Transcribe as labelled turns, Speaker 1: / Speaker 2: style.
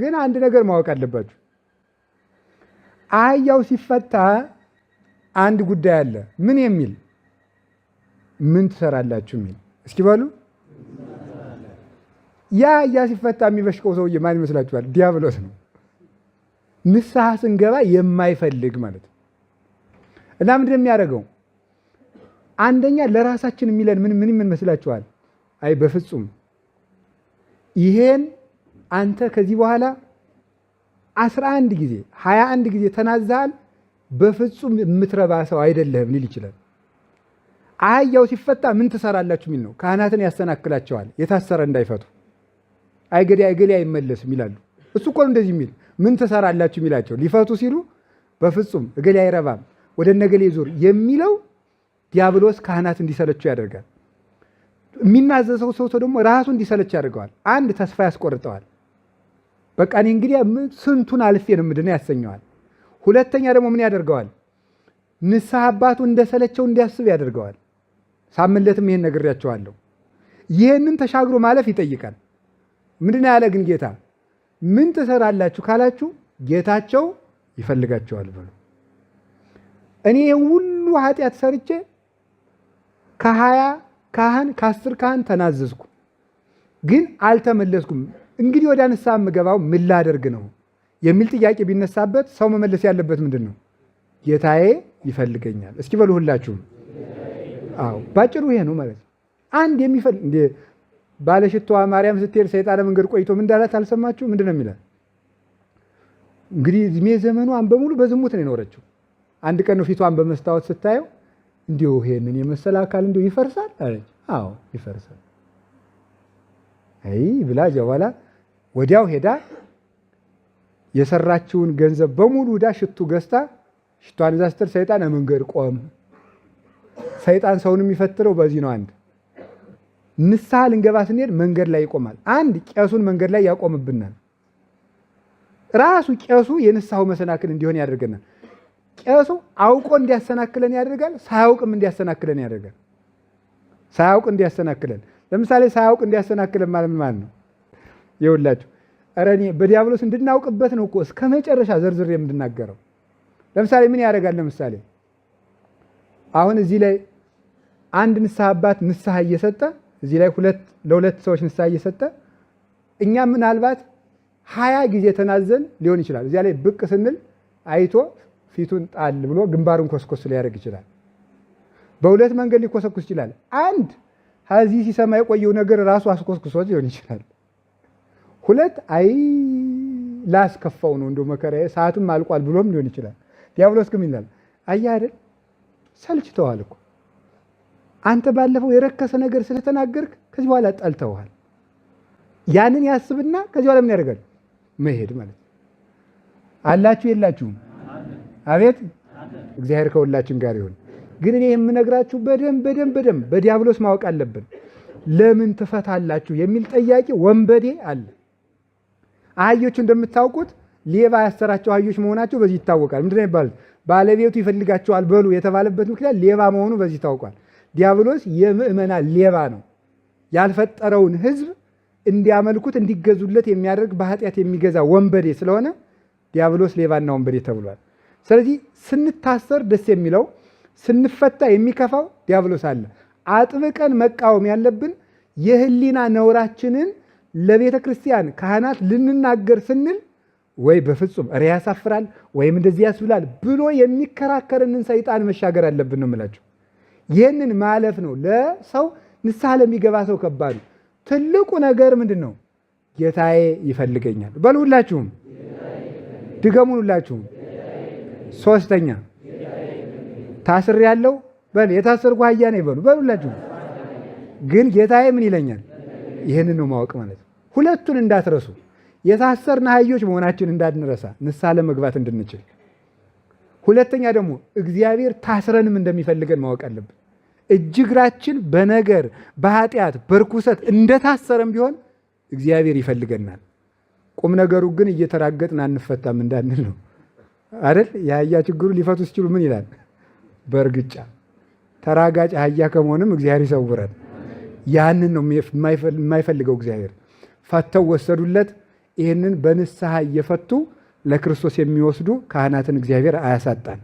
Speaker 1: ግን አንድ ነገር ማወቅ አለባችሁ። አህያው ሲፈታ አንድ ጉዳይ አለ። ምን የሚል ምን ትሰራላችሁ የሚል እስኪ በሉ። ያ አህያ ሲፈታ የሚበሽቀው ሰውዬ ማን ይመስላችኋል? ዲያብሎስ ነው። ንስሐ ስንገባ የማይፈልግ ማለት እና ምንድን የሚያደርገው አንደኛ ለራሳችን የሚለን ምን ምን ይመስላችኋል? አይ በፍጹም ይሄን አንተ ከዚህ በኋላ አስራ አንድ ጊዜ ሀያ አንድ ጊዜ ተናዛል፣ በፍጹም የምትረባ ሰው አይደለህም ሊል ይችላል። አህያው ሲፈታ ምን ትሰራላችሁ የሚል ነው። ካህናትን ያሰናክላቸዋል፣ የታሰረ እንዳይፈቱ አይገዲ አይገሊ አይመለስም ይላሉ። እሱ እኮ እንደዚህ የሚል ምን ትሰራላችሁ የሚላቸው ሊፈቱ ሲሉ በፍጹም እገሌ አይረባም ወደ ነገሌ ዙር የሚለው ዲያብሎስ ካህናት እንዲሰለቹ ያደርጋል። የሚናዘዘው ሰው ደግሞ ራሱ እንዲሰለች ያደርገዋል። አንድ ተስፋ ያስቆርጠዋል። በቃ እኔ እንግዲህ ስንቱን አልፌ ነው ምድነ ያሰኘዋል። ሁለተኛ ደግሞ ምን ያደርገዋል? ንስሐ አባቱ እንደሰለቸው እንዲያስብ ያደርገዋል። ሳምንለትም ይሄን ነግሬያቸዋለሁ። ይህንን ተሻግሮ ማለፍ ይጠይቃል። ምንድን ያለ ግን ጌታ ምን ትሰራላችሁ ካላችሁ ጌታቸው ይፈልጋቸዋል በሉ። እኔ ሁሉ ኃጢአት ሰርቼ ከሀያ ካህን ከአስር ካህን ተናዘዝኩ፣ ግን አልተመለስኩም እንግዲህ ወደ አንሳ የምገባው ምን ላደርግ ነው የሚል ጥያቄ ቢነሳበት ሰው መመለስ ያለበት ምንድን ነው? ጌታዬ ይፈልገኛል። እስኪ በሉ ሁላችሁም። አዎ ባጭሩ ይሄ ነው ማለት ነው። አንድ የሚፈል እንደ ባለሽቷ ማርያም ስትሄድ ሰይጣን መንገድ ቆይቶ ምን እንዳላት አልሰማችሁ? ምንድን ነው የሚላት? እንግዲህ እድሜ ዘመኗን በሙሉ በዝሙት ነው የኖረችው። አንድ ቀን ነው ፊቷን በመስታወት ስታየው እንዲሁ ይሄንን የመሰለ አካል እንዲሁ ይፈርሳል አለች። አዎ ይፈርሳል። አይ ብላ እዚያ በኋላ ወዲያው ሄዳ የሰራችውን ገንዘብ በሙሉ ዳ ሽቱ ገዝታ ሽቷን እዛ ስትል ሰይጣን መንገድ ቆም። ሰይጣን ሰውን የሚፈትረው በዚህ ነው። አንድ ንስሐ ልንገባ ስንሄድ መንገድ ላይ ይቆማል። አንድ ቄሱን መንገድ ላይ ያቆምብናል። ራሱ ቄሱ የንስሐው መሰናክል እንዲሆን ያደርገናል። ቄሱ አውቆ እንዲያሰናክለን ያደርጋል። ሳያውቅም እንዲያሰናክለን ያደርጋል። ሳያውቅ እንዲያሰናክለን ለምሳሌ ሳያውቅ እንዲያሰናክለን ማለት ነው የውላችሁ ኧረ እኔ በዲያብሎስ እንድናውቅበት ነው እኮ እስከ መጨረሻ ዘርዝር የምንናገረው። ለምሳሌ ምን ያደርጋል? ለምሳሌ አሁን እዚህ ላይ አንድ ንስሐ አባት ንስሐ እየሰጠ እዚህ ላይ ሁለት ለሁለት ሰዎች ንስሐ እየሰጠ እኛ ምናልባት ሀያ ጊዜ ተናዘን ሊሆን ይችላል። እዚያ ላይ ብቅ ስንል አይቶ ፊቱን ጣል ብሎ ግንባሩን ኮስኮስ ሊያደርግ ይችላል። በሁለት መንገድ ሊኮሰኩስ ይችላል። አንድ ከዚህ ሲሰማ የቆየው ነገር ራሱ አስኮስኩሶት ሊሆን ይችላል። ሁለት አይ ላስከፋው ነው እንደ መከራ ሰዓትም አልቋል ብሎም ሊሆን ይችላል። ዲያብሎስ ግን ይላል አያ አይደል ሰልችተዋል እኮ አንተ ባለፈው የረከሰ ነገር ስለተናገርክ ከዚህ በኋላ ጠልተውሃል። ያንን ያስብና ከዚህ በኋላ ምን ያደርጋል? መሄድ ማለት አላችሁ የላችሁም? አቤት እግዚአብሔር ከሁላችን ጋር ይሁን። ግን እኔ የምነግራችሁ በደንብ በደንብ በደንብ በዲያብሎስ ማወቅ አለብን። ለምን ትፈታላችሁ የሚል ጠያቂ ወንበዴ አለ። አህዮቹ እንደምታውቁት ሌባ ያሰራቸው አህዮች መሆናቸው በዚህ ይታወቃል። ምንድን ነው ይባሉት? ባለቤቱ ይፈልጋቸዋል በሉ የተባለበት ምክንያት ሌባ መሆኑ በዚህ ይታወቋል። ዲያብሎስ የምእመና ሌባ ነው። ያልፈጠረውን ህዝብ እንዲያመልኩት እንዲገዙለት የሚያደርግ በኃጢአት የሚገዛ ወንበዴ ስለሆነ ዲያብሎስ ሌባና ወንበዴ ተብሏል። ስለዚህ ስንታሰር ደስ የሚለው ስንፈታ የሚከፋው ዲያብሎስ አለ። አጥብቀን መቃወም ያለብን የህሊና ነውራችንን ለቤተ ክርስቲያን ካህናት ልንናገር ስንል ወይ በፍጹም እሬ ያሳፍራል ወይም እንደዚህ ያስብላል ብሎ የሚከራከርንን ሰይጣን መሻገር አለብን ነው የምላቸው። ይህንን ማለፍ ነው ለሰው ንስሐ ለሚገባ ሰው ከባዱ ትልቁ ነገር ምንድን ነው? ጌታዬ ይፈልገኛል። በሉ ሁላችሁም ድገሙን። ሁላችሁም ሶስተኛ ታስር ያለው በል የታሰርኩ አህያ ነኝ በሉ በሉላችሁ። ግን ጌታዬ ምን ይለኛል? ይህንን ነው ማወቅ ማለት ነው። ሁለቱን እንዳትረሱ የታሰርን አህዮች መሆናችን እንዳንረሳ ንስሐ ለመግባት እንድንችል። ሁለተኛ ደግሞ እግዚአብሔር ታስረንም እንደሚፈልገን ማወቅ አለብን። እጅ እግራችን በነገር በኃጢአት በርኩሰት እንደታሰረን ቢሆን እግዚአብሔር ይፈልገናል። ቁም ነገሩ ግን እየተራገጥን አንፈታም እንዳንል ነው አይደል? የአህያ ችግሩ ሊፈቱ ሲችሉ ምን ይላል? በእርግጫ ተራጋጭ አህያ ከመሆንም እግዚአብሔር ይሰውረን። ያንን ነው የማይፈልገው እግዚአብሔር። ፈተው ወሰዱለት። ይህንን በንስሐ እየፈቱ ለክርስቶስ የሚወስዱ ካህናትን እግዚአብሔር አያሳጣን።